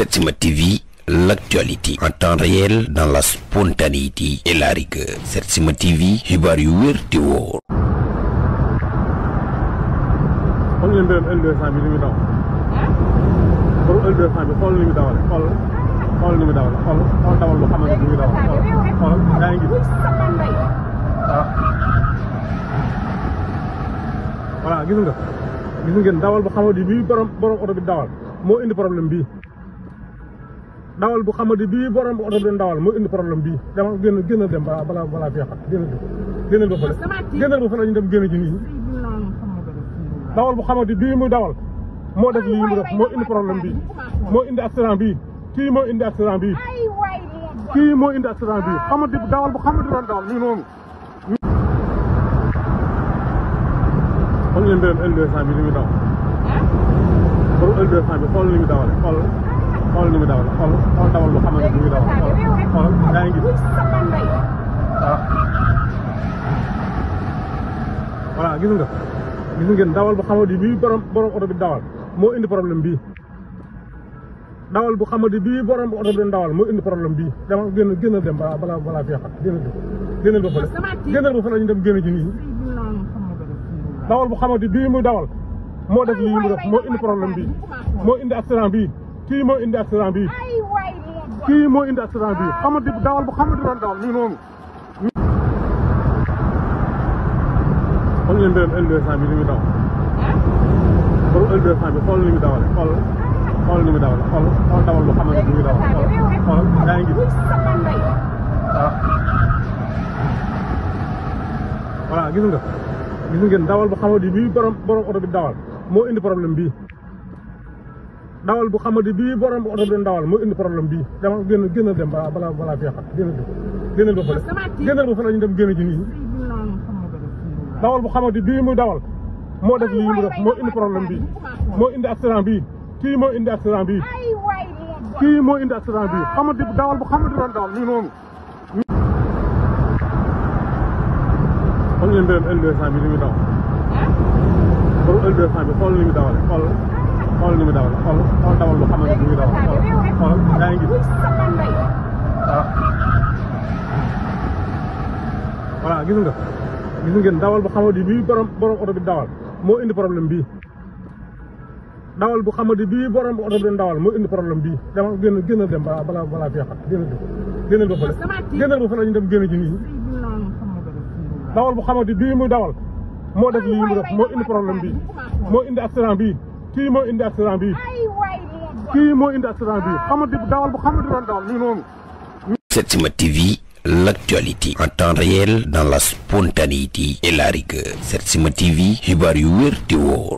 Setsima TV l'actualité en temps réel dans la la rigueur Setsima TV xibaar yu wér te wóor. xool ngeen beneen l dawal bu xamante ni bii borom oto bi dawal moo indi problème bii. dawal bu xamante bii borom bi oto bi doon dawal moo indi problème bii dama génn génnal dem balaa balaa balaa feexal génnal dem génnal ba fële génnal ba fële ñu dem génn ji nii dawal bu xamante bii muy dawal moo def lii mu moo indi problème bii moo indi accident bii kii moo indi accident bii moo indi accident bii xamante bu dawal mi noonu xool bi li dawal pour L200 bi xool li muy dawale xool dawal xool xool dawal lu xamante mu ngi dawal xool xool yaa ngi gis waaw ah. voilà gis nga gis ngeen dawal bu xamante bii borom borom oto bi dawal moo indi problème bii dawal bu xamante bii borom oto bi doon dawal moo indi problème bii dama génn génn dem balaa balaa balaa fi yàqat génn génneel ba fële génneel ba fële ñu dem génn ji nii dawal bu xamante bii muy dawal moo def lii mu def moo indi problème bii moo indi accident bii kii moo indi accident bi kii moo indi accident bi ah. xamadi dawal bu xamadi doon dawal ñu noonu xool leen beneen bi li muy dawal pour l bi xool ni muy dawale muy dawale xool xool dawal bu xamadi ni dawal xool xool yaa ngi gis ah. waaw bu xamadi bi borom oto bi dawal moo indi problème dawal bu xamadi bii borom oto bi doon dawal moo indi problème bii dama gën a gën a dem a gën a dofale gën a dofale ñu dem gën a ji nii dawal bu xamadi bii muy dawal moo def lii mu def moo indi problème bii moo indi accident bii kii moo indi accident bii kii moo indi accident bii xamadi dawal bu xamadi doon dawal bi li muy dawal xool L200 bi xool li muy dawale xool xool ni mu dawal xool xool dawal lu xamante ni mu dawal xool xool yaa ngi gis waaw ah. voilà gis nga gis ngeen dawal bu xamante bii borom borom oto bi dawal moo indi problème bii dawal bu xamante bii borom oto bi doon dawal moo indi problème bii dama génn génnal dem balaa balaa balaa feexal génnal dem génnal ba fële génnal ba fële ñu dem génn ci nii dawal bu xamante bii muy dawal moo def lii mu def moo indi problème bii moo indi accident bii kii moo indi accident ah. temps réel dans la spontanéité et la rigueur Setsima TV xibaar yu wér